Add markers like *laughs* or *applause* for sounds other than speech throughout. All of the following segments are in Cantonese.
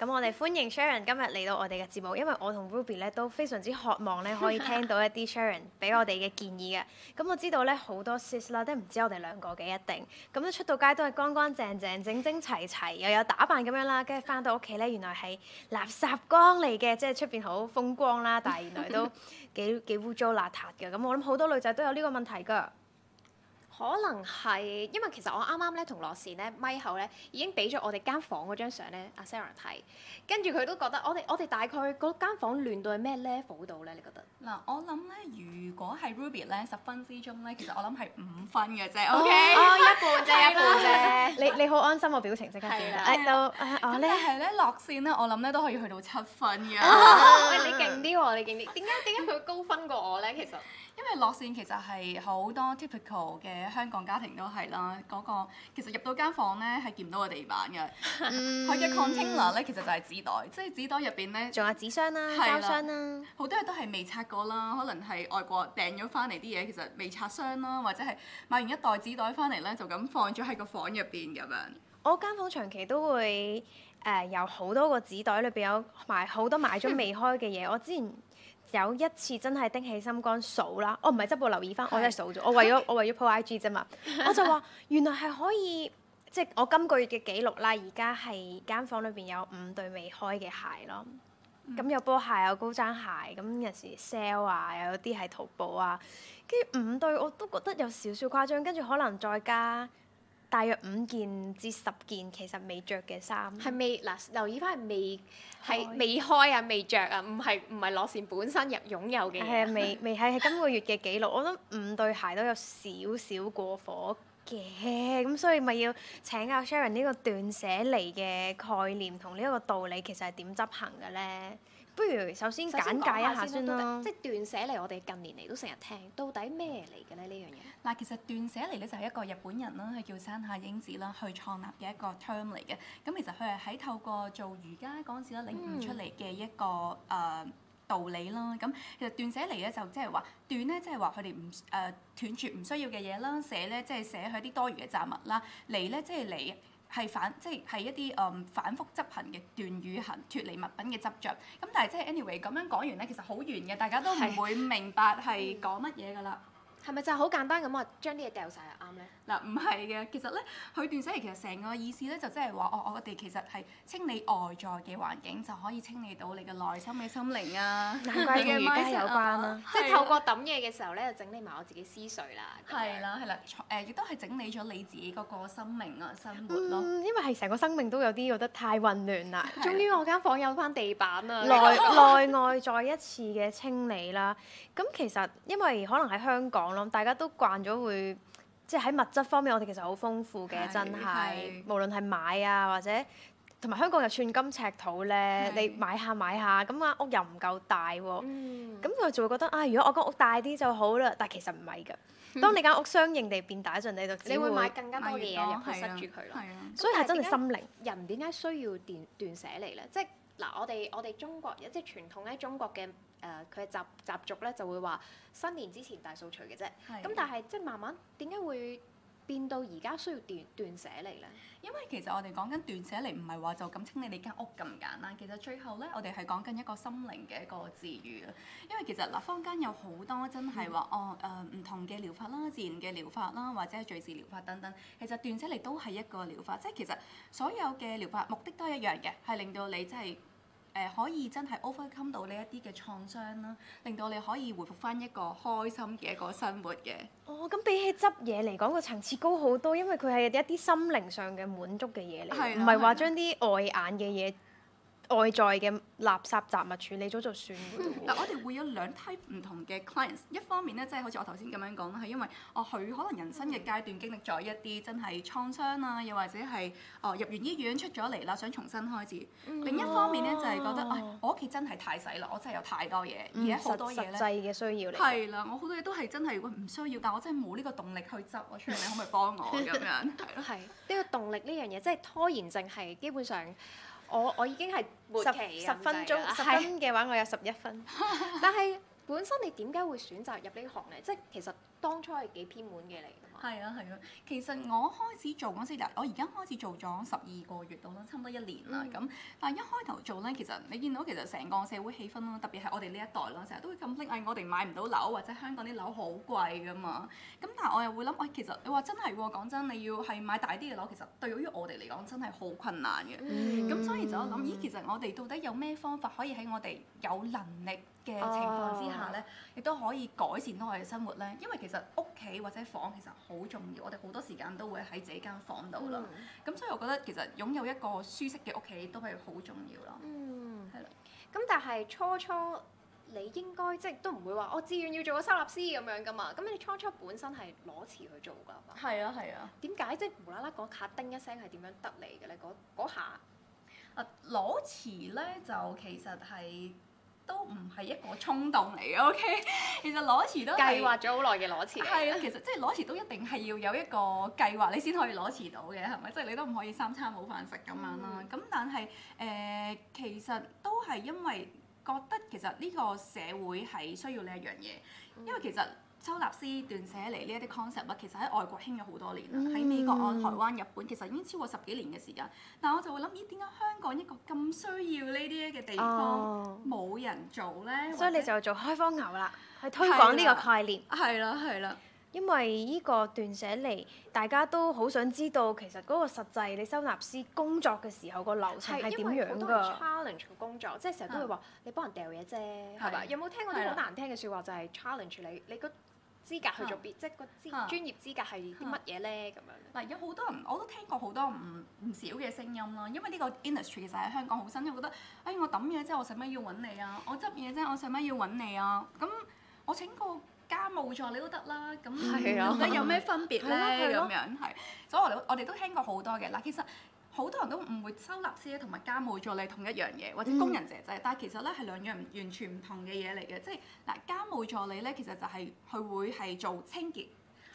咁我哋歡迎 Sharon 今日嚟到我哋嘅節目，因為我同 Ruby 咧都非常之渴望咧可以聽到一啲 Sharon 俾我哋嘅建議嘅。咁、嗯、我知道咧好多 sis 啦，都唔知我哋兩個嘅一定。咁、嗯、咧出到街都係乾乾淨淨、整整齊齊，又有打扮咁樣啦，跟住翻到屋企咧原來係垃圾缸嚟嘅，即係出邊好風光啦，但係原來都幾幾污糟邋遢嘅。咁、嗯、我諗好多女仔都有呢個問題㗎。可能係，因為其實我啱啱咧同樂善咧，咪後咧已經俾咗我哋間房嗰張相咧，阿 Sarah 睇，跟住佢都覺得我哋我哋大概嗰間房亂到係咩 level 度咧？你覺得？嗱，我諗咧，如果係 Ruby 咧，十分之中咧，其實我諗係五分嘅啫，OK，啊，一半啫，一半啫。你你好安心個表情即刻，哎到，咁又係咧，樂善咧，我諗咧都可以去到七分嘅。你勁啲喎，你勁啲，點解點解佢高分過我咧？其實。因為落線其實係好多 typical 嘅香港家庭都係啦，嗰、那個其實入到間房咧係見唔到個地板嘅。佢嘅、嗯、container 咧其實就係紙袋，即係紙袋入邊咧仲有紙箱、啊、啦、膠箱啦、啊。好多嘢都係未拆過啦，可能係外國訂咗翻嚟啲嘢，其實未拆箱啦，或者係買完一袋紙袋翻嚟咧就咁放咗喺個房入邊咁樣。我間房間長期都會誒、呃、有好多個紙袋裏面，裏邊有埋好多買咗未開嘅嘢。 *laughs* 我之前。有一次真係盯起心肝數啦，我唔係即步留意翻，是我真係數咗，我為咗 Okay. 我為咗 po IG 啫嘛， *laughs* 我就話原來係可以即係、就是、我今個月嘅記錄啦，而家係間房裏邊有五對未開嘅鞋咯，咁、嗯、有波鞋有高踭鞋，咁有時 sale 啊，有啲係淘寶啊，跟住五對我都覺得有少少誇張，跟住可能再加。大約五件至十件，其實未着嘅衫係未嗱，留意翻係未係未開啊，未着啊，唔係唔係攞線本身入擁有嘅、啊啊。係係未未係今個月嘅記錄，我覺得五對鞋都有少少過火嘅，咁所以咪要請教 Sharon 呢個斷捨離嘅概念同呢一個道理其實係點執行嘅咧？不如首先簡介先一下先啦。底啊、即係斷捨離，我哋近年嚟都成日聽，到底咩嚟嘅咧呢樣嘢？嗱，其實斷捨離咧就係一個日本人啦，佢叫山下英子啦，去創立嘅一個 term 嚟嘅。咁其實佢係喺透過做瑜伽陣時啦，領悟出嚟嘅一個誒道理啦。咁、嗯、其實斷捨離咧就即係話斷咧，即係話佢哋唔誒斷絕唔需要嘅嘢啦，捨咧即係捨佢啲多餘嘅雜物啦，離咧即係離。係反即係係一啲誒、um, 反覆執行嘅斷語行脱離物品嘅執着。咁但係即係 anyway 咁樣講完咧，其實好完嘅，大家都唔會明白係講乜嘢㗎啦。係咪就係好簡單咁話將啲嘢掉晒係啱咧？嗱、啊，唔係嘅，其實咧，佢段寫其實成個意思咧，就即係話我我哋其實係清理外在嘅環境就可以清理到你嘅內心嘅心靈啊，同瑜伽有關啦、啊，啊、即係透過抌嘢嘅時候咧，就整理埋我自己思緒啦，係啦係啦，誒亦都係整理咗你自己嗰個生命啊生活咯、啊嗯，因為係成個生命都有啲覺得太混亂啦，的終於我間房有翻地板啊，的內 *laughs* 內外再一次嘅清理啦，咁其實因為可能喺香港大家都慣咗會，即係喺物質方面，我哋其實好豐富嘅，真係。無論係買啊，或者同埋香港有寸金尺土咧，對你買下買下，咁、那、啊、個、屋又唔夠大喎、啊。咁佢、嗯、就會覺得啊，如果我間屋大啲就好啦。但係其實唔係㗎，嗯、當你間屋相應地變大嗰陣你就會你會買更加多嘢入去塞住佢咯。了的所以係真係心靈。人點解需要斷斷捨離咧？即係嗱，我哋我哋中國即係傳統喺中國嘅。誒佢嘅習習俗咧就會話新年之前大掃除嘅啫，咁的但係即係慢慢點解會變到而家需要斷斷捨離咧？因為其實我哋講緊斷捨離唔係話就咁清理你間屋咁簡單，其實最後咧我哋係講緊一個心靈嘅一個治癒。啊。因為其實嗱，坊間有好多真係話 *laughs* 哦誒唔、呃、同嘅療法啦，自然嘅療法啦，或者係敘事療法等等，其實斷捨離都係一個療法，即、就、係、是、其實所有嘅療法目的都係一樣嘅，係令到你即係。誒、呃、可以真係 overcome 到呢一啲嘅創傷啦，令到你可以回復翻一個開心嘅一個生活嘅。哦，咁比起執嘢嚟講，個層次高好多，因為佢係一啲心靈上嘅滿足嘅嘢嚟，唔係話將啲外眼嘅嘢。外在嘅垃圾雜物處理咗就算，嗯。但我哋會有兩 type 唔同嘅 clients，一方面咧，即、就、係、是、好似我頭先咁樣講啦，係因為哦，佢可能人生嘅階段經歷咗一啲真係創傷啊，又或者係哦、呃、入完醫院出咗嚟啦，想重新開始。嗯、另一方面咧，就係、是、覺得，唉、哦哎，我屋企真係太細啦，我真係有太多嘢，而係好多嘢咧、嗯，實際嘅需要嚟。係啦，我好多嘢都係真係，如果唔需要，但我真係冇呢個動力去執，我出嚟你可唔可以幫我咁 *laughs* 樣？係咯，係呢、 *laughs* 呢個動力呢樣嘢，即、就、係、是、拖延症係基本上。我我已經係十十分鐘是的 十分嘅話，我有十一分， *laughs* 但係。本身你點解會選擇入呢行咧？即係其實當初係幾偏門嘅嚟㗎嘛。係啊係啊，其實我開始做嗰時我而家開始做咗十二個月到啦，差唔多一年啦咁、嗯哎。但係一開頭做咧，其實你見到其實成個社會氣氛咯，特別係我哋呢一代咯，成日都會咁拎誒，我哋買唔到樓或者香港啲樓好貴㗎嘛。咁但係我又會諗，喂，其實你話真係喎，講真，你要係買大啲嘅樓，其實對於我哋嚟講真係好困難嘅。咁、嗯、所以就我諗，咦，其實我哋到底有咩方法可以喺我哋有能力嘅情況之下咧，亦都、哦、可以改善到我哋嘅生活咧。因為其實屋企或者房其實好重要，我哋好多時間都會喺自己間房度啦。咁、嗯、所以我覺得其實擁有一個舒適嘅屋企都係好重要咯。嗯，係啦的。咁但係初初你應該即係都唔會話我、哦、自願要做個收納師咁樣噶嘛？咁你初初本身係攞匙去做㗎嘛？係啊係啊。點解即係無啦啦講卡叮一聲係點樣得嚟嘅咧？嗰下？啊，攞匙咧就其實係。都唔係一個衝動嚟嘅，OK *laughs* 其。 *laughs* 其實裸辭都係計劃咗好耐嘅裸辭。係啊，其實即係裸辭都一定係要有一個計劃，你先可以裸辭到嘅，係咪？即、就、係、是、你都唔可以三餐冇飯食咁樣咯。咁、嗯、但係誒、呃，其實都係因為覺得其實呢個社會係需要呢一樣嘢，嗯、因為其實。收納師斷捨離呢一啲 concept 啊，其實喺外國興咗好多年啦，喺、嗯、美國啊、台灣、日本，其實已經超過十幾年嘅時間。但我就會諗，咦，點解香港一個咁需要呢啲嘅地方冇、哦、人做咧？所以你就做開荒牛啦，者啊、去推廣呢個概念。係啦係啦，啊啊、因為呢個斷捨離，大家都好想知道其實嗰個實際你收納師工作嘅時候個流程係點樣㗎？因為好多 challenge 嘅工作，即係成日都會話、嗯、你幫人掉嘢啫，係吧、啊、有冇聽過啲好難聽嘅説話就係、是、challenge 你你資格去做別，啊、即係個資專業資格係啲乜嘢咧？咁樣咧。嗱，有好多人，我都聽過好多唔唔少嘅聲音啦。因為呢個 industry 其實喺香港好新，我覺得，哎，我抌嘢啫，我使乜要揾你啊？我執嘢啫，我使乜要揾你啊？咁我請個家務助理都得啦，咁到底，的有咩分別咧？咁樣係，所以我哋我哋都聽過好多嘅。嗱，其實。好多人都誤會收納師咧同埋家務助理同一樣嘢，或者工人姐姐，嗯、但係其實咧係兩樣完全唔同嘅嘢嚟嘅。即係嗱，家務助理咧其實就係、是、佢會係做清潔，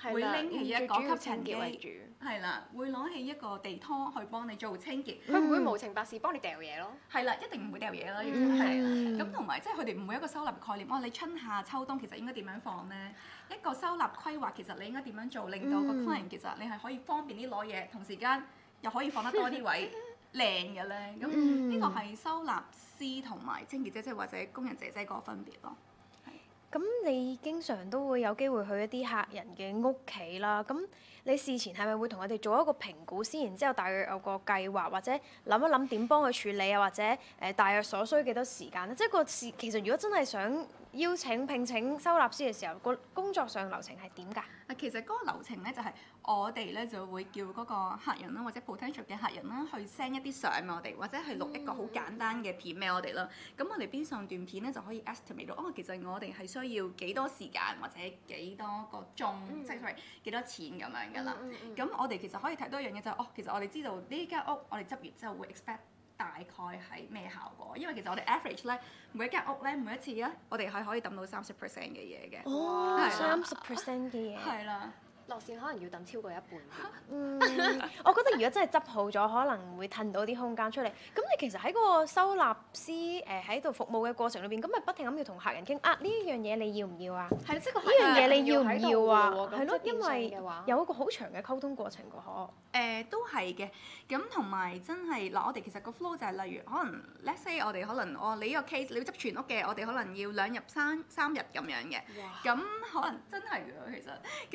的會拎起一個吸塵機，係啦，會攞起一個地拖去幫你做清潔。佢唔、嗯、會，會無情白事幫你掉嘢咯。係啦，一定唔會掉嘢啦。咁同埋即係佢哋唔會一個收納概念。我、哦、話你春夏秋冬其實應該點樣放咧？一、這個收納規劃其實你應該點樣做，令到個 client 其實你係可以方便啲攞嘢，同時間。就可以放得多啲位靚嘅咧，咁呢 *laughs* 個係收納師同埋清潔姐姐，即係或者工人姐姐個分別咯。咁你經常都會有機會去一啲客人嘅屋企啦。咁你事前係咪會同佢哋做一個評估，先然之後大約有個計劃，或者諗一諗點幫佢處理啊，或者誒大約所需幾多時間咧？即係個事，其實如果真係想邀請、聘請收納師嘅時候，個工作上流程係點㗎？啊，其實嗰個流程咧就係我哋咧就會叫嗰個客人啦，或者 potential 嘅客人啦，去 send 一啲相俾我哋，或者去錄一個好簡單嘅片俾我哋啦。咁、嗯、我哋邊上段片咧就可以 estimate 到哦，其實我哋係需要幾多時間或者幾多個鐘，嗯、即係 sorry，幾多錢咁樣㗎啦。咁、嗯嗯、我哋其實可以睇多一樣嘢就係、是、哦，其實我哋知道呢間屋，我哋執完之後會 expect。大概係咩效果？因為其實我哋 average 咧，每一間屋咧，每一次咧，我哋係可以揼到三十 percent 嘅嘢嘅，三十 percent 嘅嘢，係啦哇。的 *laughs* 落線可能要等超過一半。嗯， *laughs* 我覺得如果真係執好咗，可能會騰到啲空間出嚟。咁你其實喺嗰個收納師誒喺度服務嘅過程裏邊，咁咪不停咁要同客人傾啊，呢一樣嘢你要唔要啊？係即呢樣嘢你要唔要啊？係咯，因為有一個好長嘅溝通過程嘅嗬。誒、嗯，都係嘅。咁同埋真係嗱，我哋其實個 flow 就係例如，可能 let's say 我哋可能我、哦、你呢個 case 你要執全屋嘅，我哋可能要兩日三三日咁樣嘅。哇！咁可能真係嘅，其實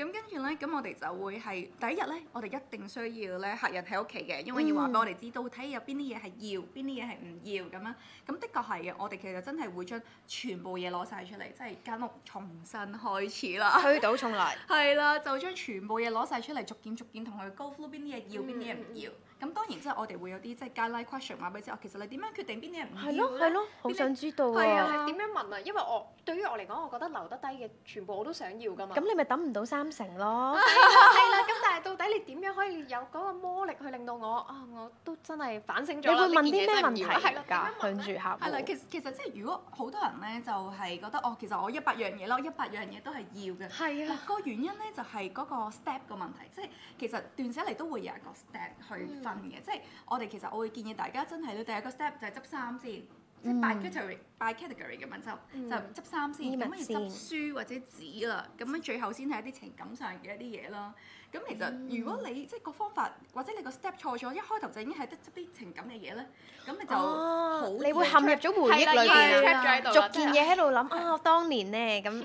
咁跟住咧。咁我哋就會係第一日咧，我哋一定需要咧客人喺屋企嘅，因為要話俾我哋知道睇有邊啲嘢係要，邊啲嘢係唔要咁樣。咁的確係嘅，我哋其實真係會將全部嘢攞晒出嚟，即係間屋重新開始啦，推倒重嚟。係啦， *laughs* 就將全部嘢攞晒出嚟，逐件逐件同佢 go through 邊啲嘢要，邊啲嘢唔要。咁當然，即係我哋會有啲即係加 like question 話俾你知，哦，其實你點樣決定邊啲人唔要咧？好想知道啊！係啊，點樣問啊？因為我對於我嚟講，我覺得留得低嘅全部我都想要㗎嘛。咁你咪等唔到三成咯？係啦。咁但係到底你點樣可以有嗰個魔力去令到我啊？我都真係反省咗。你會問啲咩問題㗎？向住客戶。係啦，其實其實即係如果好多人咧，就係覺得哦，其實我一百樣嘢咯，一百樣嘢都係要嘅。係啊。個原因咧就係嗰個 step 嘅問題，即係其實斷捨離都會有一個 step 去。嘅，即係我哋其實我會建議大家真係你第一個 step 就係執衫先，by category by category，嘅問執，就執衫先，咁可以執書或者紙啦，咁樣最後先係一啲情感上嘅一啲嘢啦。咁其實如果你即係個方法或者你個 step 錯咗，一開頭就已經係得執啲情感嘅嘢咧，咁你就你會陷入咗回憶裏面啦，逐件嘢喺度諗啊，我當年咧咁。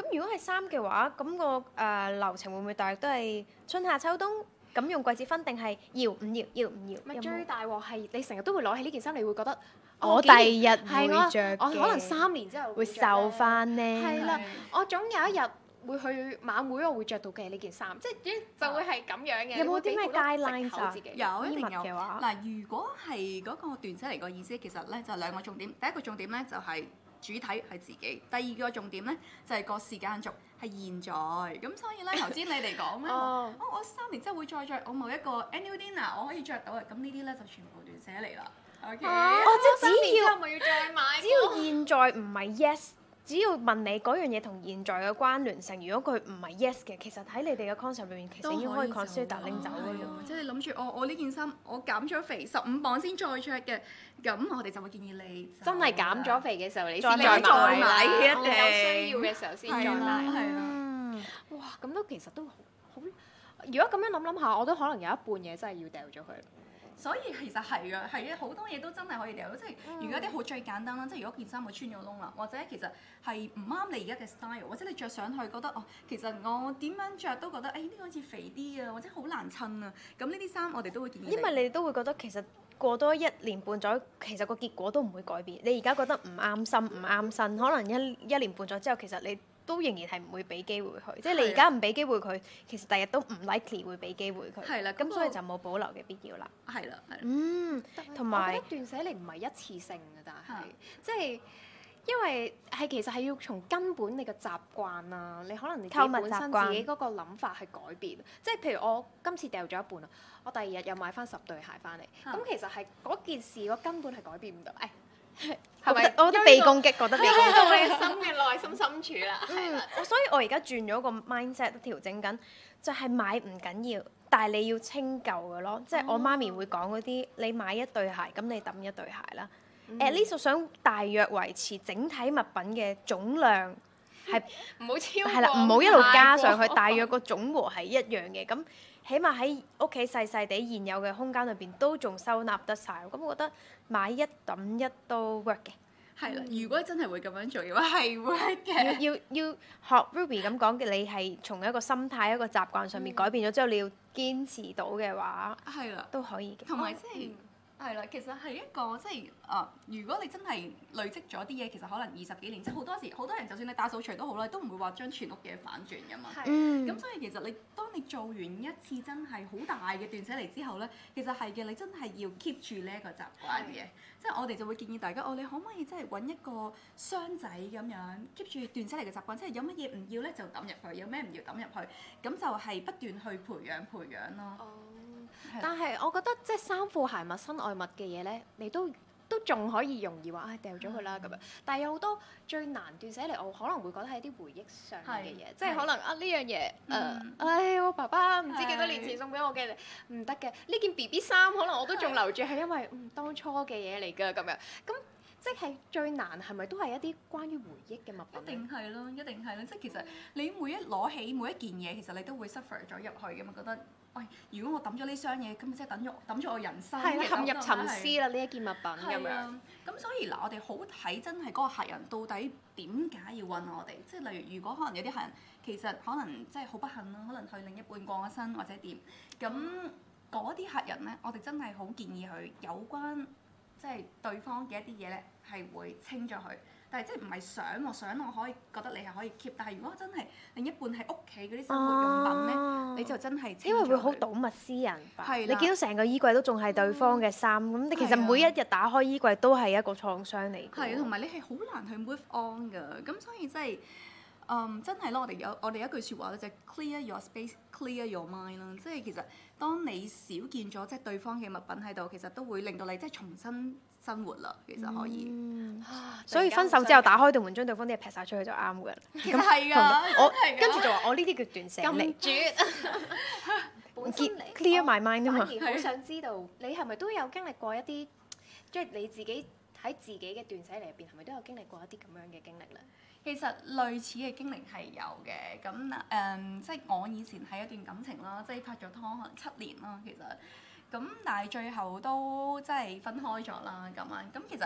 咁如果係衫嘅話，咁個誒流程會唔會大約都係春夏秋冬？咁用季節分定係要唔要，要，要？要唔要？咪最大鑊係你成日都會攞起呢件衫，你會覺得我，我第二日會著着、啊？我可能三年之後會，會瘦翻呢。啊」係啦、啊，我總有一日會去晚會，我會着到嘅呢件衫，即係、啊、就會係咁樣嘅。有冇啲咩 deadline 考自己？有一定有嘅話，嗱，如果係嗰個段出嚟個意思，其實咧就是、兩個重點。第一個重點咧就係、是。主體係自己，第二個重點咧就係、是、個時間軸係現在，咁所以咧頭先你哋講咧， *laughs* 我哦，我三年之後會再着我某一個 annual dinner 我可以着到嘅，咁呢啲咧就全部斷捨離啦。OK，、啊、我即係、哦、只要，要再買只要現在唔係 yes。只要問你嗰樣嘢同現在嘅關聯性，如果佢唔係 yes 嘅，其實喺你哋嘅 concept 裏面其實已經可以 consider 拎走嘅。走即係你諗住我我呢件衫，我減咗肥十五磅先再着嘅，咁我哋就會建議你真係減咗肥嘅時候你先再再買，再買一定。有需要嘅時候先再買。哇，咁都其實都好，如果咁樣諗諗下，我都可能有一半嘢真係要掉咗佢。所以其實係啊，係啊，好多嘢都真係可以掉咯。即係而家啲好最簡單啦，即係如果件衫我穿咗窿啦，或者其實係唔啱你而家嘅 style，或者你着上去覺得哦，其實我點樣着都覺得誒呢個好似肥啲啊，或者好難襯啊。咁呢啲衫我哋都會建議。因為你都會覺得其實過多一年半載，其實個結果都唔會改變。你而家覺得唔啱心唔啱身，可能一一年半載之後其實你，都仍然係唔會俾機會佢，即係你而家唔俾機會佢，其實第日都唔 likely 會俾機會佢。係啦，咁所以就冇保留嘅必要啦。係啦，嗯，同埋，我覺得斷捨離唔係一次性㗎，但係即係因為係其實係要從根本你嘅習慣啊，你可能你自己本身自己嗰個諗法去改變，即係譬如我今次掉咗一半啦，我第二日又買翻十對鞋翻嚟，咁、啊、其實係嗰件事，我根本係改變唔到。哎係咪？我都被攻擊，覺得 *laughs* 被攻擊到你嘅心嘅內心深處啦。嗯，所以我而家轉咗個 mindset，調整緊，就係、是、買唔緊要，但係你要清舊嘅咯。即係我媽咪會講嗰啲，你買一對鞋，咁你揼一對鞋啦。誒、嗯，At least 我想大約維持整體物品嘅總量係，唔好 *laughs* 超過，係啦，唔好一路加上去， *laughs* 大約個總和係一樣嘅咁。.起碼喺屋企細細地現有嘅空間裏邊都仲收納得晒。咁 *music* 我覺得買一揼一都 work 嘅。係啦的，為如果真係會咁樣做嘅話，係 work 嘅。要要學 Ruby 咁講嘅，你係從一個心態、 *laughs* 一個習慣上面改變咗之後，你要堅持到嘅話，係啦的，都可以嘅。同埋即係。係啦，其實係一個即係啊！如果你真係累積咗啲嘢，其實可能二十幾年，即係好多時，好多人就算你大掃除都好啦，都唔會話將全屋嘢反轉㗎嘛。係的。咁所以其實你當你做完一次真係好大嘅斷捨離之後咧，其實係嘅，你真係要 keep 住呢一個習慣嘅。的即係我哋就會建議大家，哦，你可唔可以即係揾一個箱仔咁樣 keep 住斷捨離嘅習慣？即係有乜嘢唔要咧就抌入去，有咩唔要抌入去，咁就係不斷去培養培養咯。Oh. 是但係，我覺得即係衫褲鞋襪身外物嘅嘢咧，你都都仲可以容易話啊、哎、掉咗佢啦咁樣。是的 但係有好多最難斷捨離，我可能會覺得係啲回憶上嘅嘢，即係是的 可能是的 啊呢樣嘢誒，唉、呃哎、我爸爸唔知幾多年前送俾我嘅，唔得嘅呢件 B B 衫，可能我都仲留住係因為嗯當初嘅嘢嚟㗎咁樣。咁即係最難係咪都係一啲關於回憶嘅物品一？一定係咯，一定係咯。即係其實你每一攞起每一件嘢，其實你都會 suffer 咗入去㗎嘛，覺得。哎、如果我抌咗呢箱嘢，咁即係等咗抌咗我人生，陷入沉思啦呢的一件物品咁的樣。咁所以嗱，我哋好睇真係嗰個客人到底點解要揾我哋？即係，例如，如果可能有啲客人其實可能即係好不幸啦，可能去另一半過咗身或者點，咁嗰啲客人咧，我哋真係好建議佢有關即係對方嘅一啲嘢咧，係會清咗佢。但係即係唔係想喎，我想我可以覺得你係可以 keep。但係如果真係另一半係屋企嗰啲生活用品咧，oh. 你就真係因為會好睹物思人，的你見到成個衣櫃都仲係對方嘅衫，咁、嗯、其實每一日打開衣櫃都係一個創傷嚟嘅。係啊，同埋你係好難去 move on 㗎。咁所以即、就、係、是嗯，真係咧，我哋有我哋一句説話咧，就係、clear your space，clear your mind 啦。即係其實，當你少見咗即係對方嘅物品喺度，其實都會令到你即係、就是、重新。生活啦，其實可以、嗯。所以分手之後，打開道門，將對方啲嘢劈晒出去就啱嘅。其實係㗎，我跟住就話我呢啲叫斷捨離。㗎命絕。結 clear my mind 啊嘛。反而好想知道，你係咪都有經歷過一啲，即係你自己喺自己嘅斷捨離入邊，係咪都有經歷過一啲咁樣嘅經歷咧？其實類似嘅經歷係有嘅。咁誒、嗯，即係我以前係一段感情啦，即係拍咗拖可能七年啦，其實。咁但係最後都即係分開咗啦，咁樣，咁其實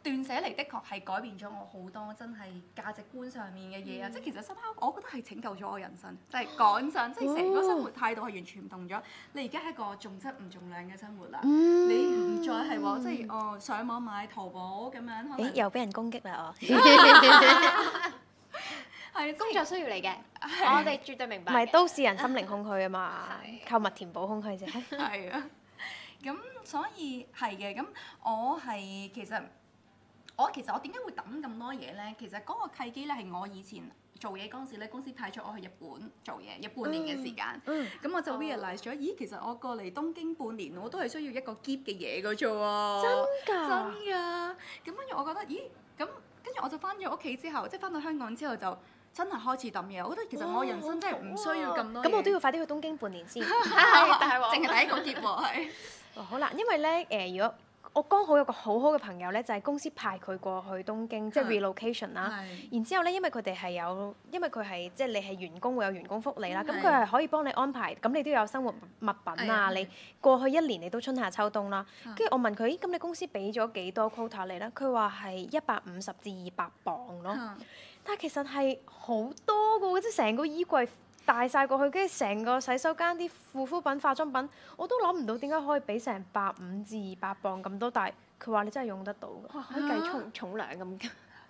斷捨離的確係改變咗我好多真係價值觀上面嘅嘢啊！嗯、即係其實深刻，我覺得係拯救咗我人生，嗯、即係講真，即係成個生活態度係完全唔同咗。你而家係一個重質唔重量嘅生活啦，嗯、你唔再係話即係哦上網買淘寶咁樣。欸、又俾人攻擊啦 *laughs* *laughs* 係工作需要嚟嘅，我哋絕對明白。唔係都市人心靈空虛啊嘛，購物填補空虛啫。係啊，咁所以係嘅。咁我係其實我其實我點解會抌咁多嘢咧？其實嗰個契機咧係我以前做嘢嗰陣時咧，公司派咗我去日本做嘢，一半年嘅時間。咁我就 realize 咗，咦，其實我過嚟東京半年，我都係需要一個 keep 嘅嘢噶啫喎。真㗎！真㗎！咁跟住我覺得，咦？咁跟住我就翻咗屋企之後，即係翻到香港之後就。真係開始抌嘢，我覺得其實我人生真係唔需要咁多。咁我都要快啲去東京半年先，淨係第一個劫喎係。好啦，因為咧誒，如果我剛好有個好好嘅朋友咧，就係公司派佢過去東京，即係 relocation 啦。然之後咧，因為佢哋係有，因為佢係即係你係員工會有員工福利啦。咁佢係可以幫你安排，咁你都有生活物品啊。你過去一年你都春夏秋冬啦。跟住我問佢，咦，咁你公司俾咗幾多 quota 你咧？佢話係一百五十至二百磅咯。但其實係好多噶，即係成個衣櫃帶晒過去，跟住成個洗手間啲護膚品、化妝品，我都諗唔到點解可以俾成百五至二百磅咁多。但係佢話你真係用得到，可以計重重量咁 *laughs*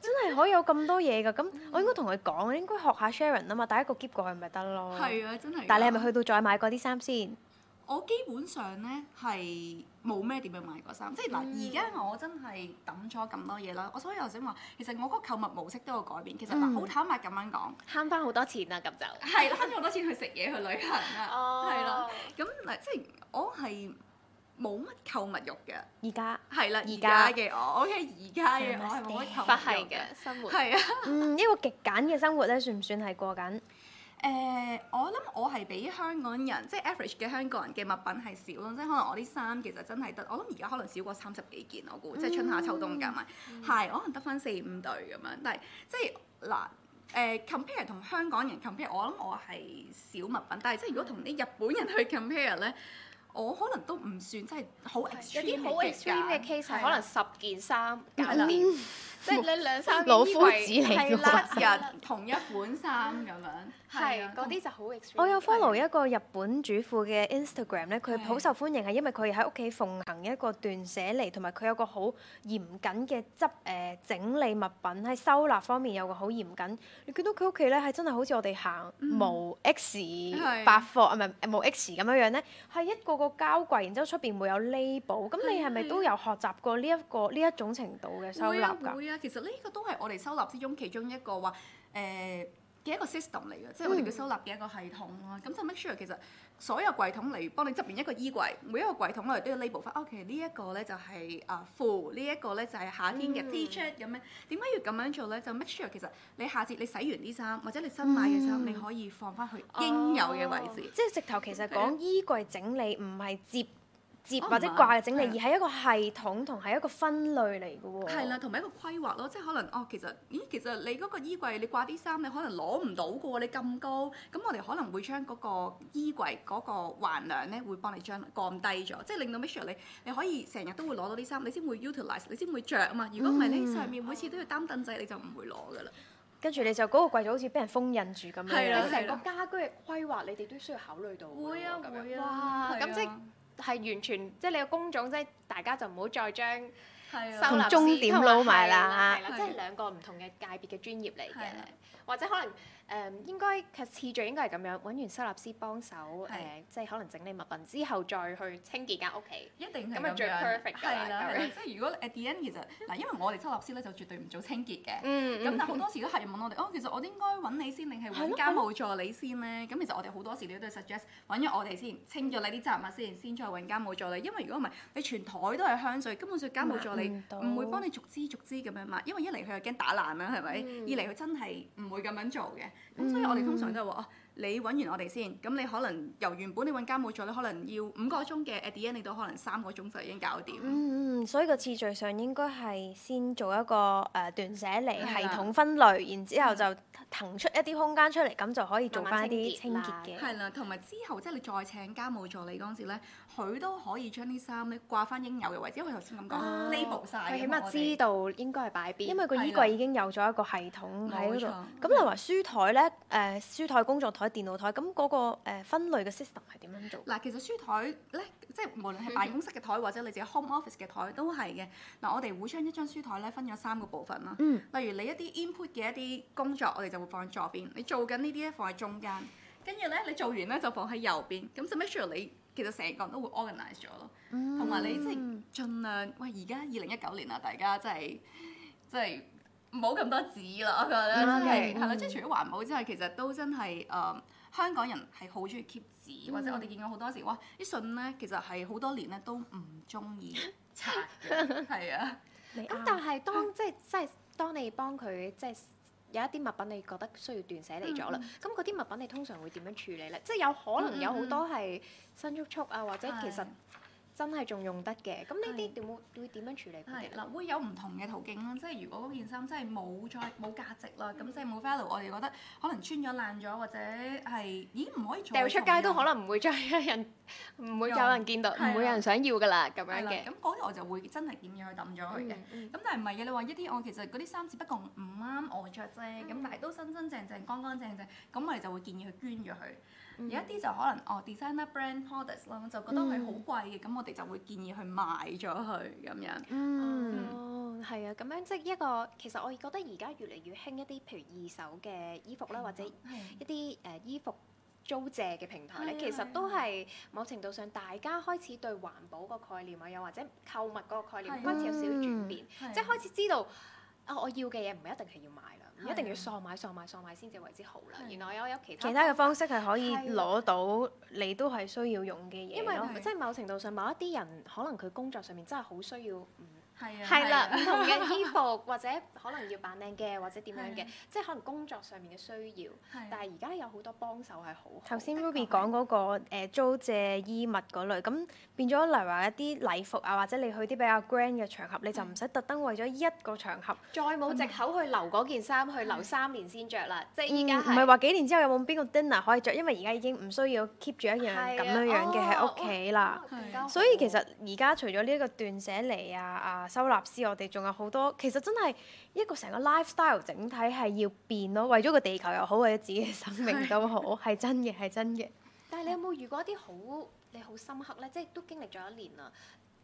真係可以有咁多嘢㗎。咁我應該同佢講，我應該學下 Sharon 啊嘛，帶一個篋過去咪得咯。係啊，真係、啊。但係你係咪去到再買過啲衫先？我基本上咧係冇咩點樣買過衫，即係嗱，而家我真係抌咗咁多嘢啦，我所以頭先話，其實我個購物模式都有改變。其實嗱，好坦白咁樣講，慳翻好多錢啦，咁就係啦，慳咗好多錢去食嘢、去旅行啦，係咯。咁嗱，即係我係冇乜購物欲嘅，而家係啦，而家嘅我，OK，而家嘅我係冇乜購物欲嘅生活，係啊。嗯，呢個極簡嘅生活咧，算唔算係過緊？誒，uh，我諗我係比香港人，即係 average 嘅香港人嘅物品係少咯，即係可能我啲衫其實真係得，我諗而家可能少過三十幾件，我估、嗯，即係春夏秋冬加埋，係我、嗯、可能得翻四五對咁樣，但係即係嗱誒 compare 同香港人 compare，我諗我係少物品，但係即係如果同啲日本人去 compare 咧，我可能都唔算即係好 extreme 嘅 case，啊、可能十件衫一年。即係你兩三老夫子係一日同一款衫咁樣，係嗰啲就好。我有 follow 一個日本主婦嘅 Instagram 咧，佢好受歡迎係因為佢喺屋企奉行一個斷捨離，同埋佢有個好嚴謹嘅執誒，整理物品喺收納方面有個好嚴謹。你見到佢屋企咧係真係好似我哋行無 X 百貨啊，咪？唔係無 X 咁樣樣咧，係一個個膠櫃，然之後出邊會有 label。咁你係咪都有學習過呢一個呢一種程度嘅收納㗎？其實呢個都係我哋收納之中其中一個話誒嘅一個 system 嚟嘅，即係我哋叫收納嘅一個系統咯。咁、嗯、就 make sure 其實所有櫃桶，嚟如幫你執完一個衣櫃，每一個櫃桶我哋都要 label 翻。哦、okay,，其、就、實、是啊、呢一個咧就係啊褲，呢一個咧就係夏天嘅 T-shirt 咁樣。點解、嗯、要咁樣做咧？就 make sure 其實你下次你洗完啲衫或者你新買嘅衫，嗯、你可以放翻去應有嘅位置。哦、即係直頭其實講衣櫃整理唔係、嗯、接。或者掛整理、oh，啊，啊、而係一個系統同係一個分類嚟嘅喎。係啦、啊，同埋一個規劃咯，即係可能哦，其實咦，其實你嗰個衣櫃你掛啲衫，你可能攞唔到嘅喎，你咁高，咁我哋可能會將嗰個衣櫃嗰、嗰個橫梁咧，會幫你將降低咗，即係令到 make sure 你你可以成日都會攞到啲衫，你先會 utilize，你先會着啊嘛。如果唔係你上面每次都要擔凳仔，你就唔會攞嘅啦。跟住你就嗰個櫃就好似俾人封印住咁樣。係啦、啊。成、啊啊、個家居嘅規劃，你哋都需要考慮到。會啊，啊，啊樣會啊。哇！咁哇、啊、即係完全，即係你個工種，即係大家就唔好再將收納師同鐘點撈埋啦，即係兩個唔同嘅界別嘅專業嚟嘅，啦或者可能。誒、嗯、應該其次序應該係咁樣，揾完收納師幫手誒是、呃，即係可能整理物品之後，再去清潔間屋企，一定係咁樣最 perfect。係啦，即係如果誒 d e n 其實嗱，因為我哋收納師咧就絕對唔做清潔嘅。嗯。咁但好多時都係問我哋，哦，其實我哋應該揾你先定係揾家務助理先咧？咁其實我哋好多時都都 suggest 揾咗我哋先，清咗你啲雜物先，先再揾家務助理。因為如果唔係，你全台都係香水，根本上家務助理唔會幫你逐支逐支咁樣嘛。因為一嚟佢又驚打爛啦，係咪？嗯、二嚟佢真係唔會咁樣做嘅。咁、嗯嗯、所以我哋通常都係話、啊，你揾完我哋先。咁你可能由原本你揾家務做，你可能要五個鐘嘅 a d t in，你都可能三個鐘就已經搞掂。嗯嗯，所以個次序上應該係先做一個誒斷捨離系統分類，啊、然之後就。嗯騰出一啲空間出嚟，咁就可以做翻啲清潔嘅，係啦。同埋之後，即係你再請家務助理嗰陣時咧，佢都可以將啲衫咧掛翻應有嘅位置。因我頭先咁講，label 曬，佢起碼知道應該係擺邊。因為個衣櫃已經有咗一個系統喺嗰度。咁例對如書台咧，誒、呃、書台、工作台、電腦台，咁嗰個分類嘅 system 係點樣做？嗱，其實書台咧。即係無論係辦公室嘅台或者你自己 home office 嘅台都係嘅。嗱，我哋會將一張書台咧分咗三個部分啦。嗯、例如你一啲 input 嘅一啲工作，我哋就會放喺左邊。你做緊呢啲咧，放喺中間。跟住咧，你做完咧就放喺右邊。咁就 make sure 你其實成個人都會 organize 咗咯。同埋、嗯、你即係盡量喂，而家二零一九年啦，大家真係真係唔好咁多紙啦，我覺得真係係啦。嗯、即係除咗環保之外，其實都真係誒。嗯香港人係好中意 keep 紙，或者我哋見過好多時，哇！啲信咧其實係好多年咧都唔中意拆，係 *laughs* 啊。咁 *laughs* 但係當 *laughs* 即係即係，當你幫佢即係有一啲物品，你覺得需要斷捨離咗啦。咁嗰啲物品你通常會點樣處理咧？嗯、即係有可能有好多係新簇簇啊，嗯、或者其實，真係仲用得嘅，咁呢啲點會會點樣處理？係嗱，會有唔同嘅途徑啦，即係如果嗰件衫真係冇再冇價值啦，咁即係冇 value 我哋覺得可能穿咗爛咗，或者係咦唔可以再掉出街都可能唔會再有人唔、嗯、會有人見到，唔、嗯、會有人想要㗎啦咁樣嘅。咁嗰啲我就會真係點樣去抌咗佢嘅。咁、嗯嗯、但係唔係嘅你話一啲我其實嗰啲衫只不過唔啱我着啫，咁、嗯、但係都新新淨淨、乾乾淨淨，咁我哋就會建議佢捐咗佢。有一啲就可能哦、oh，designer brand products 啦，就覺得佢好貴嘅，咁、mm. 我哋就會建議去賣咗佢，咁樣。嗯，係啊，咁樣即係一個，其實我覺得而家越嚟越興一啲譬如二手嘅衣服啦，方或者一啲誒衣服租借嘅平台咧，啊啊、其實都係某程度上大家開始對環保個概念啊，又或者購物嗰個概念、啊、開始有少少轉變，即係、啊、開始知道、哦、我要嘅嘢唔一定係要買。一定要喪買喪買喪買先至為之好啦。是的 原來我有，有其他其他嘅方式係可以攞到你都係需要用嘅嘢咯，因為。即係某程度上，某一啲人可能佢工作上面真係好需要。係啦，唔同嘅衣服或者可能要扮靚嘅，或者點樣嘅，即係可能工作上面嘅需要。但係而家有好多幫手係好。頭先 Ruby 講嗰個租借衣物嗰類，咁變咗例如話一啲禮服啊，或者你去啲比較 grand 嘅場合，你就唔使特登為咗一個場合。再冇藉口去留嗰件衫，去留三年先着啦。即係而家係。唔係話幾年之後有冇邊個 dinner 可以着，因為而家已經唔需要 keep 住一樣咁樣樣嘅喺屋企啦。所以其實而家除咗呢一個斷捨離啊啊！收納師，我哋仲有好多，其實真係一個成個 lifestyle 整體係要變咯，為咗個地球又好，為咗自己嘅生命都好，係 *laughs* 真嘅，係真嘅。 *laughs* 但係你有冇遇過一啲好你好深刻咧？即係都經歷咗一年啦，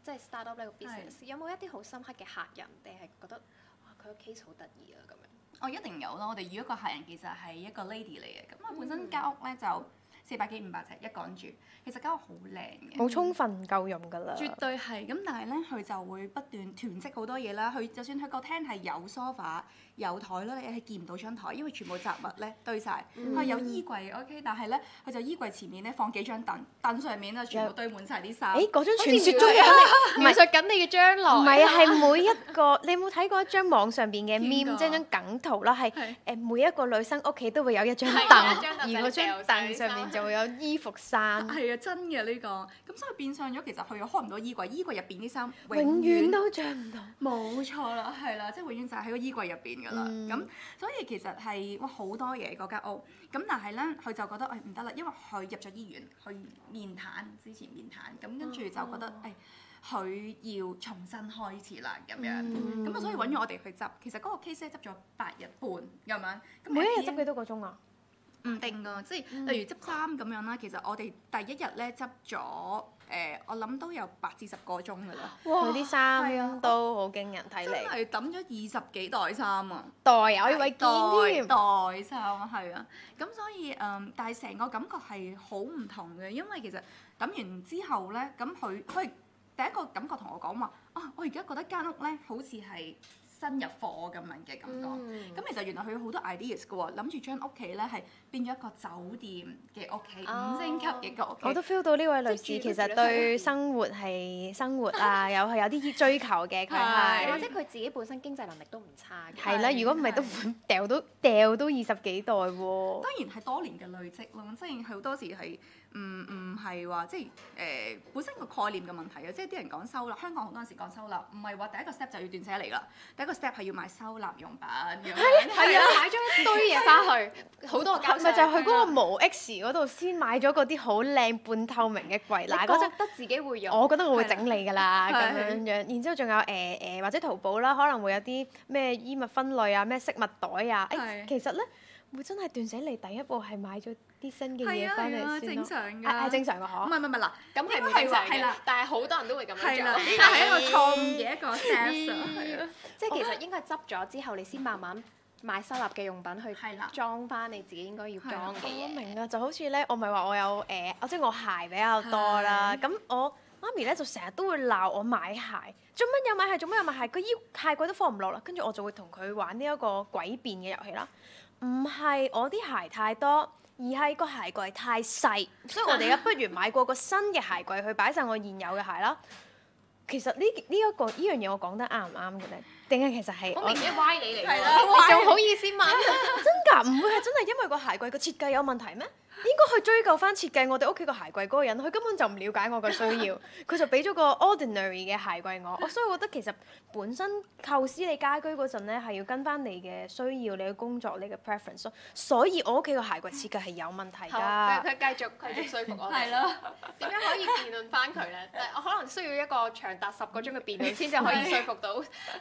即係 start up 呢個 business，有冇一啲好深刻嘅客人，定係覺得哇佢個 case 好得意啊咁樣？哦，一定有咯，我哋遇一個客人其實係一個 lady 嚟嘅，咁佢、嗯嗯、本身間屋咧就。四百幾五百尺一個人住，其實間屋好靚嘅。冇充分夠用㗎啦。絕對係，咁但係咧，佢就會不斷囤積好多嘢啦。佢就算佢個廳係有 sofa，有台咯，你係見唔到張台，因為全部雜物咧堆晒。佢有衣櫃 OK，但係咧，佢就衣櫃前面咧放幾張凳，凳上面咧全部堆滿晒啲衫。誒，嗰張傳説中嘅，描述緊你嘅將來。唔係啊，係每一個，你有冇睇過一張網上邊嘅 meme，即係張梗圖啦？係誒，每一個女生屋企都會有一張凳，而嗰張凳上面。又有衣服衫，係啊，真嘅呢個。咁所以變相咗，其實佢又開唔到衣櫃，衣櫃入邊啲衫永遠都着唔到，冇錯啦，係啦，即係永遠就喺個衣櫃入邊噶啦。咁所以其實係哇，好多嘢嗰間屋。咁但係咧，佢就覺得誒，唔得啦，因為佢入咗醫院，去面癱，之前面癱，咁跟住就覺得誒，佢要重新開始啦咁樣。咁啊，所以揾咗我哋去執，其實嗰個 case 執咗八日半，係咪啊？每日執幾多個鐘啊？唔定㗎，即係例如執衫咁樣啦。其實我哋第一日咧執咗誒，我諗都有八至十個鐘㗎啦。哇！啲哇衫都好驚人，睇嚟、啊、真係抌咗二十幾袋衫啊！袋，以為袋，袋啊，我以為見添。袋袋衫係啊，咁所以嗯、呃，但係成個感覺係好唔同嘅，因為其實抌完之後咧，咁佢佢第一個感覺同我講話啊，我而家覺得間屋咧好似係。新入伙咁樣嘅感覺，咁、嗯、其實原來佢有好多 ideas 嘅喎，諗住將屋企咧係變咗一個酒店嘅屋企，哦、五星級嘅個屋。我都 feel 到呢位女士，女士其實對生活係生活啊， *laughs* 有係有啲追求嘅，佢或者佢自己本身經濟能力都唔差嘅。係啦， *laughs* 如果唔係都掉都掉都二十幾代喎、啊。 *laughs* 當然係多年嘅累積咯，即係好多時係。唔唔係話即係誒、呃、本身個概念嘅問題啊，即係啲人講收納，香港好多時講收納，唔係話第一個 step 就要斷捨離啦，第一個 step 係要買收納用品咁樣，係 *laughs* 啊，啊買咗一堆嘢翻去，好、啊、多。係咪就係嗰個毛 X 嗰度先買咗嗰啲好靚半透明嘅櫃？嗱，嗰覺得自己會用，我覺得我會整理㗎啦，咁樣、啊、樣，啊嗯、然之後仲有誒誒、呃呃、或者淘寶啦，可能會有啲咩衣物分類啊，咩飾物袋啊，誒、欸、其實咧。會真係斷捨離，第一步係買咗啲新嘅嘢翻嚟先咯，係係正常嘅嗬。唔係唔係嗱，咁係唔正常嘅，但係好多人都會咁樣，但係係一個錯誤嘅一個 steps 即係其實應該執咗之後，你先慢慢買收納嘅用品去裝翻你自己應該要裝嘅。我明啊，就好似咧，我咪係話我有誒，即係我鞋比較多啦，咁我。媽咪咧就成日都會鬧我買鞋，做乜又買鞋？做乜又買鞋？個腰太貴都放唔落啦。跟住我就會同佢玩呢一個詭辯嘅遊戲啦。唔係我啲鞋太多，而係個鞋櫃太細。所以我哋而家不如買過個新嘅鞋櫃去擺晒我現有嘅鞋啦。其實、呢個呢個呢個、對對呢呢一個呢樣嘢我講得啱唔啱嘅咧？定係其實係我明嘅歪 *laughs* 你嚟嘅，你仲 *laughs* 好意思買？ *laughs* 真㗎？唔會係真係因為個鞋櫃個設計有問題咩？應該去追究翻設計我哋屋企個鞋櫃嗰個人，佢根本就唔了解我嘅需要，佢就俾咗個 ordinary 嘅鞋櫃我。我所以我覺得其實本身構思你家居嗰陣咧，係要跟翻你嘅需要、你嘅工作、你嘅 preference。所以我屋企個鞋櫃設計係有問題㗎。佢繼續，繼續説服我。係咯，點樣可以辯論翻佢咧？ *laughs* 但係我可能需要一個長達十個鐘嘅辯論先至可以説服到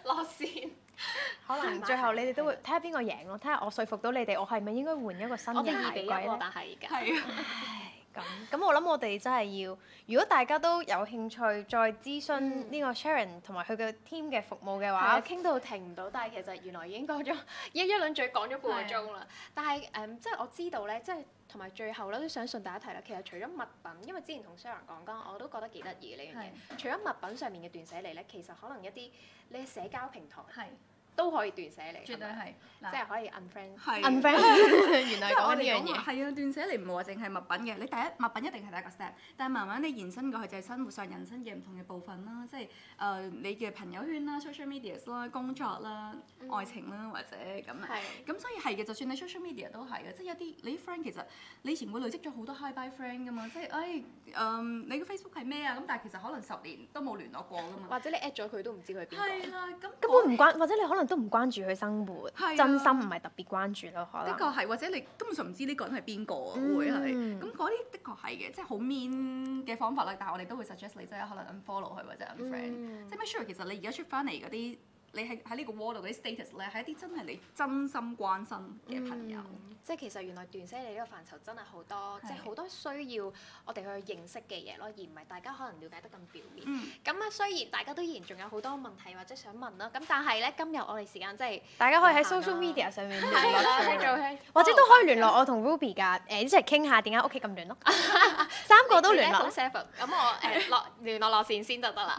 洛先。 *laughs* *laughs* *laughs* 可能最後你哋都會睇下邊個贏咯，睇下我說服到你哋，我係咪應該換一個新嘅賣鬼咧？但係而家係咁，咁我諗我哋真係要，如果大家都有興趣再諮詢呢、嗯、個 Sharon 同埋佢嘅 team 嘅服務嘅話，我傾的到停唔到，但係其實原來已經講咗一一輪嘴講咗半個鐘啦，的但係誒，um, 即係我知道咧，即係。同埋最後咧，都想順帶一提啦。其實除咗物品，因為之前同 Sharon 講過，我都覺得幾得意呢樣嘢。是除咗物品上面嘅斷捨離咧，其實可能一啲你嘅社交平台，都可以斷捨離，絕對係，即係可以 unfriend，unfriend，係 un 原來講呢樣嘢，係啊，斷捨離唔係話淨係物品嘅，你第一物品一定係第一個 step，但係慢慢你延伸過去就係生活上人生嘅唔同嘅部分啦，即係誒、呃、你嘅朋友圈啦、social media 啦、工作啦、愛情啦、嗯、或者咁啊，咁所以係嘅，就算你 social media 都係嘅，即、就、係、是、有啲你啲 friend 其實你以前會累積咗好多 high bye friend 噶嘛，即係誒誒你嘅 Facebook 係咩啊？咁但係其實可能十年都冇聯絡過噶嘛，或者你 at 咗佢都唔知佢邊個，係啦，咁、嗯、根本唔關，或者你可能。都唔關注佢生活，啊、真心唔係特別關注咯。可能的確係，或者你根本上唔知呢個人係邊個，會係咁，嗰啲的確係嘅，即係好 mean 嘅方法咧。但係我哋都會 suggest 你即係可能 unfollow 佢或者 unfriend 嗯，即係 make sure 其實你而家出翻嚟嗰啲。你喺喺呢個窩度嗰啲 status 咧，係一啲真係你真心關心嘅朋友。嗯、即係其實原來斷捨離呢個範疇真係好多，是的 即係好多需要我哋去認識嘅嘢咯，而唔係大家可能了解得咁表面。咁啊、嗯，雖然大家都依然仲有好多問題或者想問啦，咁但係咧今日我哋時間即係大家可以喺 social media 上面聯絡， *laughs* 或者都可以聯絡我同 Ruby 噶，誒， *laughs* 一齊傾下點解屋企咁亂咯。三個都聯絡。咁我誒落聯絡落線先就得啦。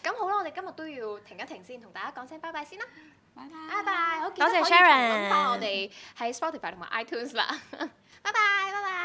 咁 *laughs* *laughs* 好啦，我哋今日都要停一停先，同大家。大家講聲拜拜先啦，拜拜，拜拜，多謝 Sharon，幫我哋喺 Spotify 同埋 iTunes 啦，拜拜，拜拜。